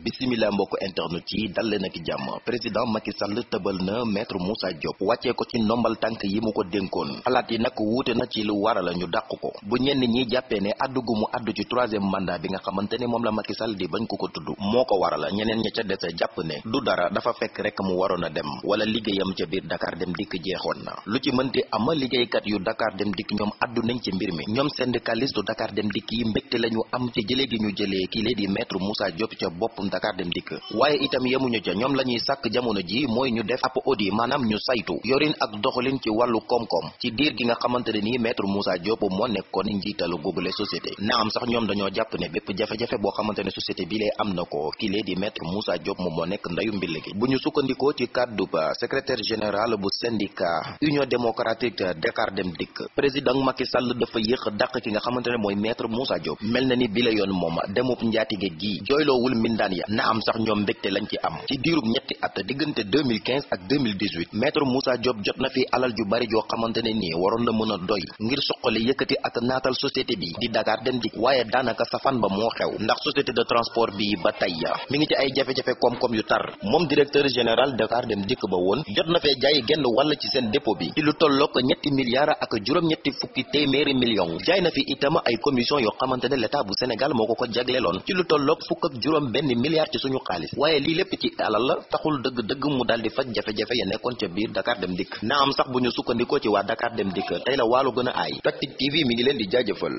bisimila mbokk internet yi dal leen ak jàmm président Macky Sall tëbal na maître Moussa Diop wàccee ko ci ndombal tànk yi mu ko dénkoon xalaat yi nag wuute na ci lu waral la ñu dàq ko bu ñenn ñi jàppee ne addu gu mu addu ci troisième mandat bi nga xamante ne moom la Macky Sall di bañ ko ko tudd moo ko waral ñeneen ña ca dese jàpp ne du dara dafa fekk rek mu waroon a dem wala liggéeyam ca biir Dakar dem dikk jeexoon na lu ci mënti ama liggéeykat yu Dakar dem dikk ñoom addu nañ ci mbir mi ñoom syndicaliste du Dakar dem dikk yi mbégte la ñu am ci jëlee gi ñu jëlee ki di maître Moussa Diop ca Dakar dem dikk waaye itam yemuñu ca ñoom la ñuy sàkk jamono ji mooy ñu def ab audit maanaam ñu saytu yorin ak doxalin ci wàllu koom-koom ci diir gi nga xamante ne nii maître Moussa Diop moo nekkoon njiitalu googule société na boo xamante ne société bi lee am na ko kii lee di maître Moussa Diop moom moo nekk ndayu mbill gi bu ñu sukkandikoo ci kàddu ba secrétaire général bu syndicat union démocratique Dakar dem dikk président Macky Sall dafa yéex dàq ki nga xamante mooy maître Moussa Diop mel na ni bi la yoon moom demub njaatige gi jooyloowul mbindaan ya na am sax ñoom mbégte lañ ci am ci diirub ñetti at diggante 2015 ak 2018 maître Moussa Diop jot na fi alal ju bari joo xamante nii waroon na mën a doy ngir soqali yëkkati ak naatal société bi di Dakar Dem Dikk waaye daanaka safaan ba moo xew ndax société de transport bi ba tey mi ngi ci ay jafe-jafe koom-koom yu tar moom directeur général Dakar Dem Dikk ba woon jot na fee jaay genn wàll ci seen dépôt bi ci lu tollook ñetti milliards ak juróom-ñetti fukki téeméeri millions jaay na fi itam ay commission yoo xamante ne l'état bu Sénégal moo ko ko jagleeloon milliards ci suñu xaalis waaye lii lépp ci alal la taxul dëgg-dëgg mu daal di faj jafe-jafe ya nekkoon ca biir Dakar dem dikk na am sax bu ñu sukkandikoo ci waa Dakar dem dikk tey la waalo gën a aay Tactic TV mi ngi leen di jaajëfal